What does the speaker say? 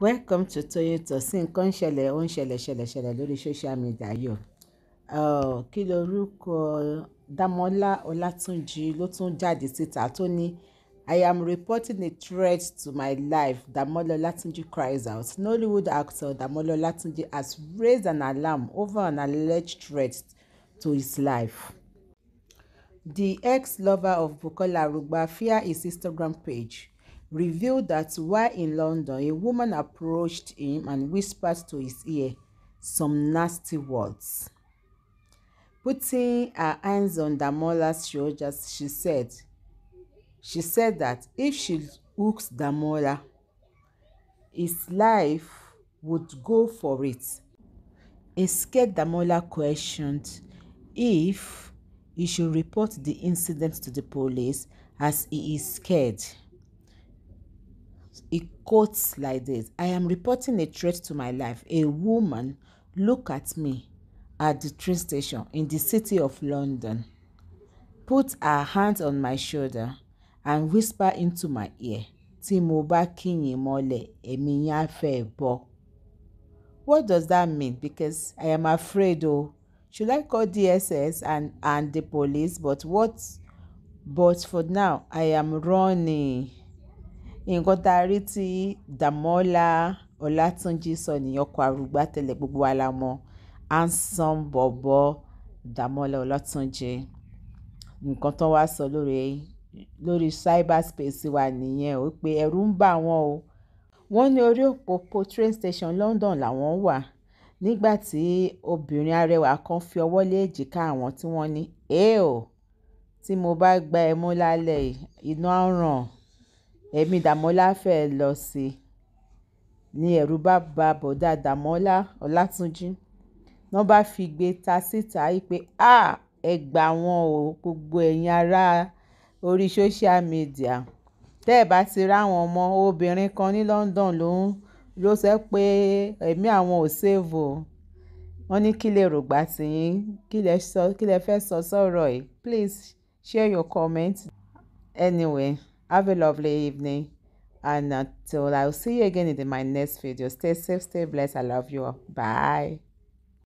welcome to Toyin Talks nǹkan ń ṣẹlẹ̀ ó ń ṣẹlẹ̀ ṣẹlẹ̀ ṣẹlẹ̀ lórí social media yìí o uh, kí lorúkọ Dámọ́lá Ọlátúnjì ló tún jáde síta tó ní I am reporting a threat to my life Damola Olatunji cries out Nollywood actor Damola Olatunji has raised an alarm over an alleged threat to his life. The ex-lover of Bukola Arugba fear his Instagram page revealed that while in London, a woman approached him and whispered to his ear some nasty words. Putting her hands on Damola's shoulders, she said, she said that if she hooks Damola, his life would go for it. A scared Damola questioned if he should report the incident to the police as he is scared. He quotes like this I am reporting a threat to my life. A woman looked at me at the train station in the city of London, put her hand on my shoulder, and whispered into my ear, Tí mo bá kíyìn mọ́lẹ̀, What does that mean? Because I am afraid, oh, should I call DSS and, and the police? But what? But for now, I am running nǹkan tá a rí tí Dàmọ́lá Ọlátúnjí sọ nìyẹn ọkọ̀ àrùgbá tẹ̀lẹ̀ gbogbo wa la mọ̀ handsome bọ̀bọ̀ Dàmọ́lá Ọlátúnjí nǹkan tán wá sọ lórí lórí cyberspace wa nìyẹn ó pé ẹ̀rù ń bà wọ́n o wọ́n ní orí òpópó train station London làwọn wà nígbà tí obìnrin arẹwà kan fi ọwọ́ lé èjìká àwọn tí wọ́n ní ẹ́ẹ̀ o tí mo bá gba ẹ mú lálẹ́ iná ràn ẹ̀mí dàmọ́là fẹ́ẹ́ lọ sí i ni ẹ̀rù bá ba bọ̀dá dàmọ́là ọlátúnjì náà bá fi gbé ta síta yìí pé a ẹ gbà wọ́n o gbogbo ẹ̀yin ará orí sóṣíà mídíà tẹ́ ẹ̀ bá ti ráwọn ọmọ obìnrin kan ní London ló ń ló sọ pé ẹ̀mí àwọn ò ṣèèvò wọ́n ní kí lè rògbà tìyín kí lè fẹ́ sọ sọ̀rọ̀ yìí please share your comment anyway. Have a lovely evening. And until I'll see you again in my next video. Stay safe, stay blessed. I love you all. Bye.